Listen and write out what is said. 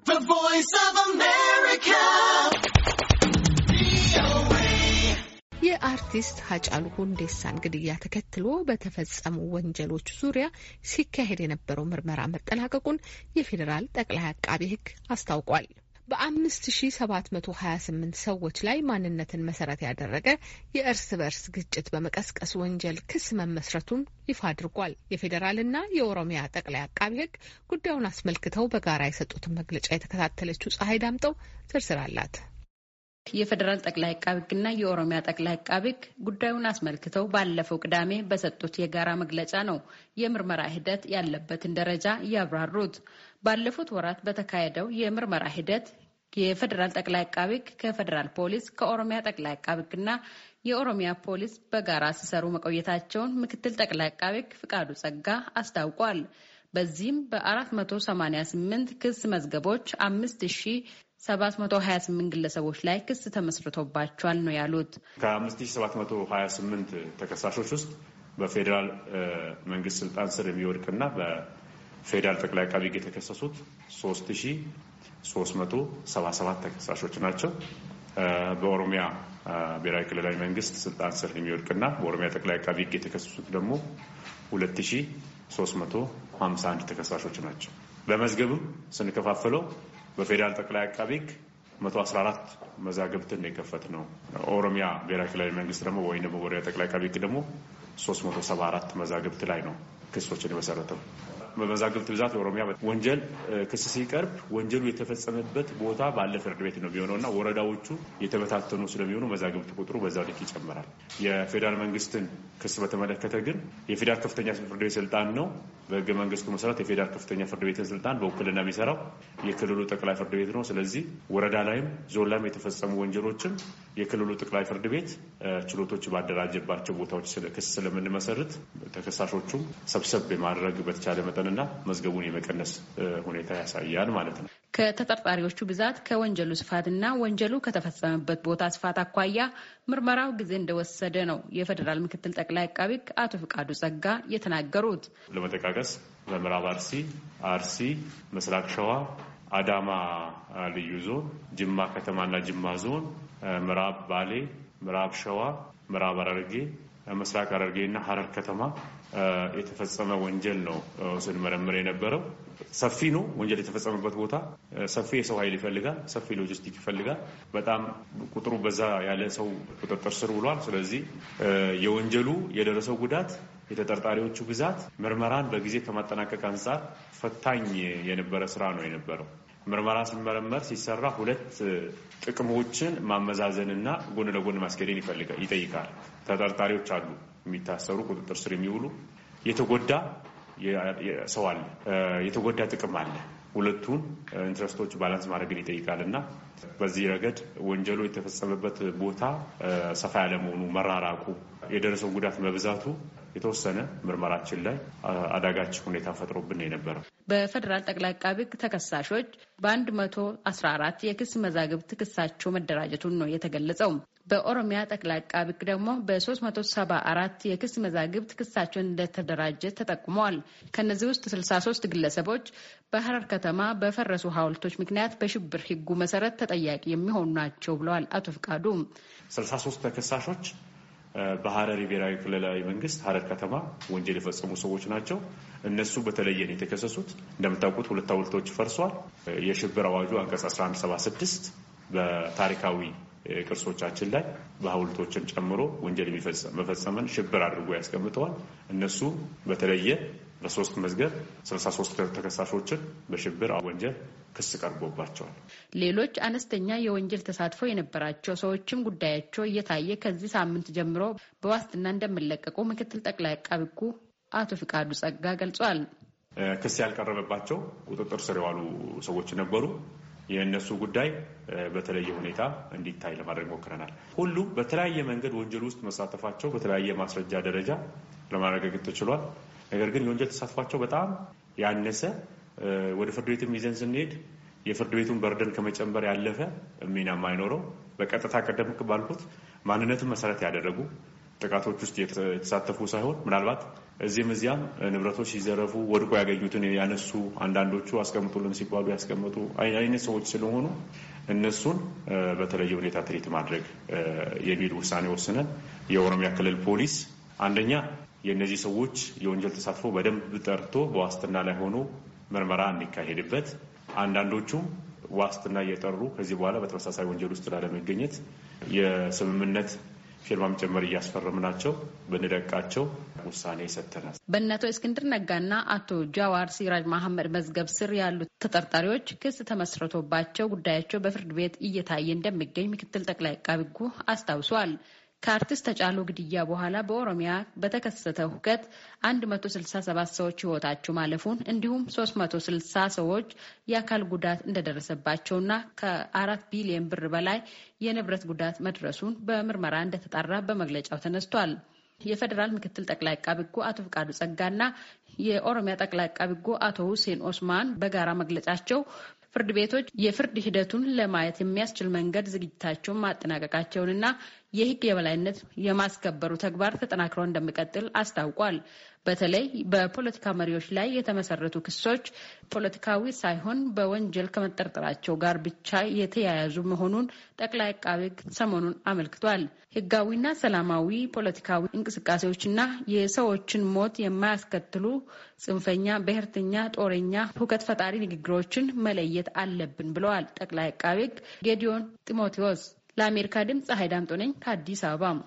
The Voice of America. የአርቲስት ሀጫሉ ሁንዴሳን ግድያ ተከትሎ በተፈጸሙ ወንጀሎች ዙሪያ ሲካሄድ የነበረው ምርመራ መጠናቀቁን የፌዴራል ጠቅላይ አቃቢ ሕግ አስታውቋል። በ5728 ሰዎች ላይ ማንነትን መሰረት ያደረገ የእርስ በርስ ግጭት በመቀስቀስ ወንጀል ክስ መመስረቱን ይፋ አድርጓል። የፌዴራልና የኦሮሚያ ጠቅላይ አቃቢ ሕግ ጉዳዩን አስመልክተው በጋራ የሰጡትን መግለጫ የተከታተለችው ፀሐይ ዳምጠው ዝርዝር አላት። የፌዴራል ጠቅላይ አቃቤ ሕግና የኦሮሚያ ጠቅላይ አቃቢ ሕግ ጉዳዩን አስመልክተው ባለፈው ቅዳሜ በሰጡት የጋራ መግለጫ ነው የምርመራ ሂደት ያለበትን ደረጃ ያብራሩት። ባለፉት ወራት በተካሄደው የምርመራ ሂደት የፌዴራል ጠቅላይ አቃቢ ሕግ ከፌዴራል ፖሊስ ከኦሮሚያ ጠቅላይ አቃቢ ሕግና የኦሮሚያ ፖሊስ በጋራ ሲሰሩ መቆየታቸውን ምክትል ጠቅላይ አቃቢ ፍቃዱ ጸጋ አስታውቋል። በዚህም በ488 ክስ መዝገቦች 5728 ግለሰቦች ላይ ክስ ተመስርቶባቸዋል ነው ያሉት። ከ5728 ተከሳሾች ውስጥ በፌዴራል መንግስት ስልጣን ስር የሚወድቅና በፌዴራል ጠቅላይ አቃቢ የተከሰሱት 377 ተከሳሾች ናቸው። በኦሮሚያ ብሔራዊ ክልላዊ መንግስት ስልጣን ስር የሚወድቅና በኦሮሚያ ጠቅላይ አቃቢ ህግ የተከሰሱት ደግሞ 2351 ተከሳሾች ናቸው። በመዝገብም ስንከፋፍለው በፌዴራል ጠቅላይ አቃቢ ህግ 114 መዛግብትን የከፈት ነው። ኦሮሚያ ብሔራዊ ክልላዊ መንግስት ደግሞ ወይ ደግሞ ኦሮሚያ ጠቅላይ አቃቢ ህግ ደግሞ 374 መዛግብት ላይ ነው ክሶችን የመሰረተው። በመዛግብት ብዛት በኦሮሚያ ወንጀል ክስ ሲቀርብ ወንጀሉ የተፈጸመበት ቦታ ባለ ፍርድ ቤት ነው የሚሆነው እና ወረዳዎቹ የተበታተኑ ስለሚሆኑ መዛግብት ቁጥሩ በዛ ልክ ይጨምራል። የፌዴራል መንግስትን ክስ በተመለከተ ግን የፌዴራል ከፍተኛ ፍርድ ቤት ስልጣን ነው። በህገ መንግስቱ መሰረት የፌዴራል ከፍተኛ ፍርድ ቤትን ስልጣን በውክልና የሚሰራው የክልሉ ጠቅላይ ፍርድ ቤት ነው። ስለዚህ ወረዳ ላይም ዞን ላይም የተፈጸሙ ወንጀሎችን የክልሉ ጠቅላይ ፍርድ ቤት ችሎቶች ባደራጀባቸው ቦታዎች ክስ ስለምንመሰርት ተከሳሾቹም ሰብሰብ የማድረግ በተቻለ መጠን ና መዝገቡን የመቀነስ ሁኔታ ያሳያል ማለት ነው። ከተጠርጣሪዎቹ ብዛት ከወንጀሉ ስፋትና ወንጀሉ ከተፈጸመበት ቦታ ስፋት አኳያ ምርመራው ጊዜ እንደወሰደ ነው የፌዴራል ምክትል ጠቅላይ አቃቢ ሕግ አቶ ፍቃዱ ጸጋ የተናገሩት። ለመጠቃቀስ በምዕራብ አርሲ፣ አርሲ፣ ምስራቅ ሸዋ፣ አዳማ ልዩ ዞን፣ ጅማ ከተማና ጅማ ዞን፣ ምዕራብ ባሌ፣ ምዕራብ ሸዋ፣ ምዕራብ አረርጌ፣ ምስራቅ ሐረርጌና ሐረር ከተማ የተፈጸመ ወንጀል ነው ስንመረምር የነበረው። ሰፊ ነው ወንጀል የተፈጸመበት ቦታ። ሰፊ የሰው ኃይል ይፈልጋል። ሰፊ ሎጂስቲክ ይፈልጋል። በጣም ቁጥሩ በዛ ያለ ሰው ቁጥጥር ስር ውሏል። ስለዚህ የወንጀሉ የደረሰው ጉዳት፣ የተጠርጣሪዎቹ ብዛት ምርመራን በጊዜ ከማጠናቀቅ አንጻር ፈታኝ የነበረ ስራ ነው የነበረው። ምርመራ ሲመረመር ሲሰራ ሁለት ጥቅሞችን ማመዛዘንና ጎን ለጎን ማስኬድን ይጠይቃል። ተጠርጣሪዎች አሉ፣ የሚታሰሩ ቁጥጥር ስር የሚውሉ የተጎዳ ሰው አለ፣ የተጎዳ ጥቅም አለ። ሁለቱን ኢንትረስቶች ባላንስ ማድረግን ይጠይቃል እና በዚህ ረገድ ወንጀሉ የተፈጸመበት ቦታ ሰፋ ያለመሆኑ፣ መራራቁ፣ የደረሰው ጉዳት መብዛቱ የተወሰነ ምርመራችን ላይ አዳጋች ሁኔታ ፈጥሮብን የነበረው። በፌዴራል ጠቅላይ አቃቢ በአንድ ተከሳሾች አስራ አራት የክስ መዛግብት ክሳቸው መደራጀቱን ነው የተገለጸው። በኦሮሚያ ጠቅላይ አቃቢ ሕግ ደግሞ በ374 የክስ መዛግብት ክሳቸውን እንደተደራጀ ተጠቁመዋል። ከእነዚህ ውስጥ 63 ግለሰቦች በሐረር ከተማ በፈረሱ ሐውልቶች ምክንያት በሽብር ህጉ መሰረት ተጠያቂ የሚሆኑ ናቸው ብለዋል አቶ ፍቃዱ 63 ተከሳሾች በሀረሪ ብሔራዊ ክልላዊ መንግስት ሀረር ከተማ ወንጀል የፈጸሙ ሰዎች ናቸው። እነሱ በተለየ ነው የተከሰሱት። እንደምታውቁት ሁለት ሐውልቶች ፈርሷል። የሽብር አዋጁ አንቀጽ 1176 በታሪካዊ ቅርሶቻችን ላይ በሐውልቶችን ጨምሮ ወንጀል መፈጸምን ሽብር አድርጎ ያስቀምጠዋል። እነሱ በተለየ በሶስት መዝገብ 63 ተከሳሾችን በሽብር ወንጀል ክስ ቀርቦባቸዋል። ሌሎች አነስተኛ የወንጀል ተሳትፎ የነበራቸው ሰዎችም ጉዳያቸው እየታየ ከዚህ ሳምንት ጀምሮ በዋስትና እንደሚለቀቁ ምክትል ጠቅላይ አቃቤ ሕጉ አቶ ፍቃዱ ጸጋ ገልጿል። ክስ ያልቀረበባቸው ቁጥጥር ስር የዋሉ ሰዎች ነበሩ። የእነሱ ጉዳይ በተለየ ሁኔታ እንዲታይ ለማድረግ ሞክረናል። ሁሉም በተለያየ መንገድ ወንጀል ውስጥ መሳተፋቸው በተለያየ ማስረጃ ደረጃ ለማረጋገጥ ተችሏል። ነገር ግን የወንጀል ተሳትፏቸው በጣም ያነሰ ወደ ፍርድ ቤትም ይዘን ስንሄድ የፍርድ ቤቱን በርደን ከመጨመር ያለፈ ሚና አይኖረው በቀጥታ ቀደም ባልኩት ማንነትን መሰረት ያደረጉ ጥቃቶች ውስጥ የተሳተፉ ሳይሆን ምናልባት እዚህም እዚያም ንብረቶች ሲዘረፉ ወድቆ ያገኙትን ያነሱ፣ አንዳንዶቹ አስቀምጡልን ሲባሉ ያስቀምጡ አይነት ሰዎች ስለሆኑ እነሱን በተለየ ሁኔታ ትሪት ማድረግ የሚል ውሳኔ ወስነን የኦሮሚያ ክልል ፖሊስ አንደኛ የእነዚህ ሰዎች የወንጀል ተሳትፎ በደንብ ጠርቶ በዋስትና ላይ ሆኖ ምርመራ እንዲካሄድበት አንዳንዶቹም ዋስትና እየጠሩ ከዚህ በኋላ በተመሳሳይ ወንጀል ውስጥ ላለመገኘት የስምምነት ፊርማም ጭምር እያስፈረምናቸው ብንለቃቸው ውሳኔ ሰጥተናል። በእነ አቶ እስክንድር ነጋና አቶ ጃዋር ሲራጅ መሐመድ መዝገብ ስር ያሉት ተጠርጣሪዎች ክስ ተመስርቶባቸው ጉዳያቸው በፍርድ ቤት እየታየ እንደሚገኝ ምክትል ጠቅላይ አቃቤ ሕጉ አስታውሷል። ከአርቲስት ተጫሉ ግድያ በኋላ በኦሮሚያ በተከሰተ ሁከት 167 ሰዎች ህይወታቸው ማለፉን እንዲሁም 360 ሰዎች የአካል ጉዳት እንደደረሰባቸውና ከአራት ቢሊዮን ብር በላይ የንብረት ጉዳት መድረሱን በምርመራ እንደተጣራ በመግለጫው ተነስቷል። የፌዴራል ምክትል ጠቅላይ አቃቤ ሕጉ አቶ ፍቃዱ ጸጋና የኦሮሚያ ጠቅላይ አቃቢ ሕጉ አቶ ሁሴን ኦስማን በጋራ መግለጫቸው ፍርድ ቤቶች የፍርድ ሂደቱን ለማየት የሚያስችል መንገድ ዝግጅታቸውን ማጠናቀቃቸውንና የህግ የበላይነት የማስከበሩ ተግባር ተጠናክሮ እንደሚቀጥል አስታውቋል። በተለይ በፖለቲካ መሪዎች ላይ የተመሰረቱ ክሶች ፖለቲካዊ ሳይሆን በወንጀል ከመጠርጠራቸው ጋር ብቻ የተያያዙ መሆኑን ጠቅላይ አቃቤ ሕግ ሰሞኑን አመልክቷል። ህጋዊና ሰላማዊ ፖለቲካዊ እንቅስቃሴዎችና የሰዎችን ሞት የማያስከትሉ ጽንፈኛ፣ ብሔርተኛ፣ ጦረኛ፣ ሁከት ፈጣሪ ንግግሮችን መለየት አለብን ብለዋል ጠቅላይ አቃቤ ሕግ ጌዲዮን ጢሞቴዎስ። ለአሜሪካ ድምፅ ፀሐይ ዳምጦ ነኝ ከአዲስ አበባ